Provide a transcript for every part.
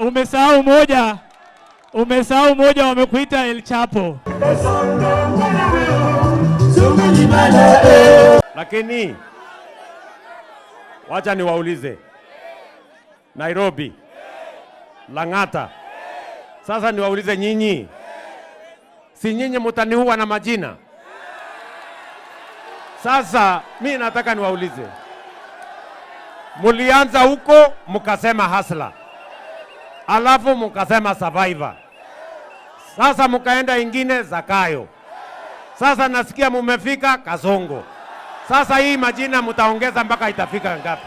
Umesahau moja, umesahau moja, wamekuita El Chapo. Lakini wacha niwaulize, Nairobi, Lang'ata, sasa niwaulize nyinyi, si nyinyi mutaniua na majina? Sasa mi nataka niwaulize, mulianza huko mukasema hasla alafu mukasema Survivor. Sasa mukaenda ingine Zakayo. Sasa nasikia mumefika Kasongo. Sasa hii majina mutaongeza mpaka itafika ngapi?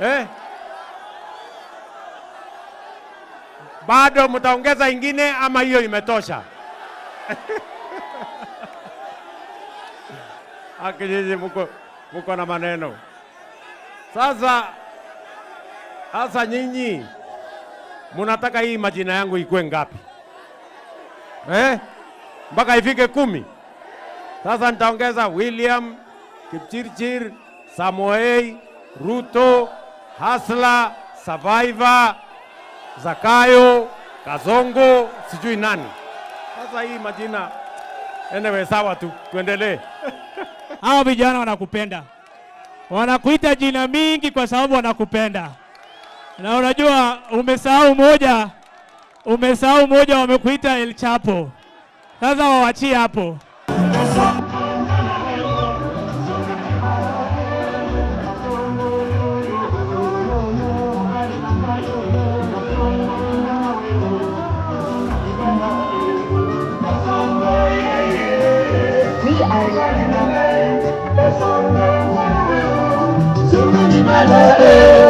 Eh? Bado mutaongeza ingine ama hiyo imetosha? Akijiji muko, muko na maneno sasa sasa nyinyi munataka hii majina yangu ikue ngapi eh? Mpaka ifike kumi? Sasa nitaongeza William Kipchirchir, Samoei Ruto, Hasla, Survivor, Zakayo, Kazongo, sijui nani. Sasa hii majina enewe, sawa tu, tuendelee. Hao vijana wanakupenda, wanakuita jina mingi kwa sababu wanakupenda. Na unajua umesahau moja, umesahau moja, wamekuita El Chapo. Sasa wawachie hapo.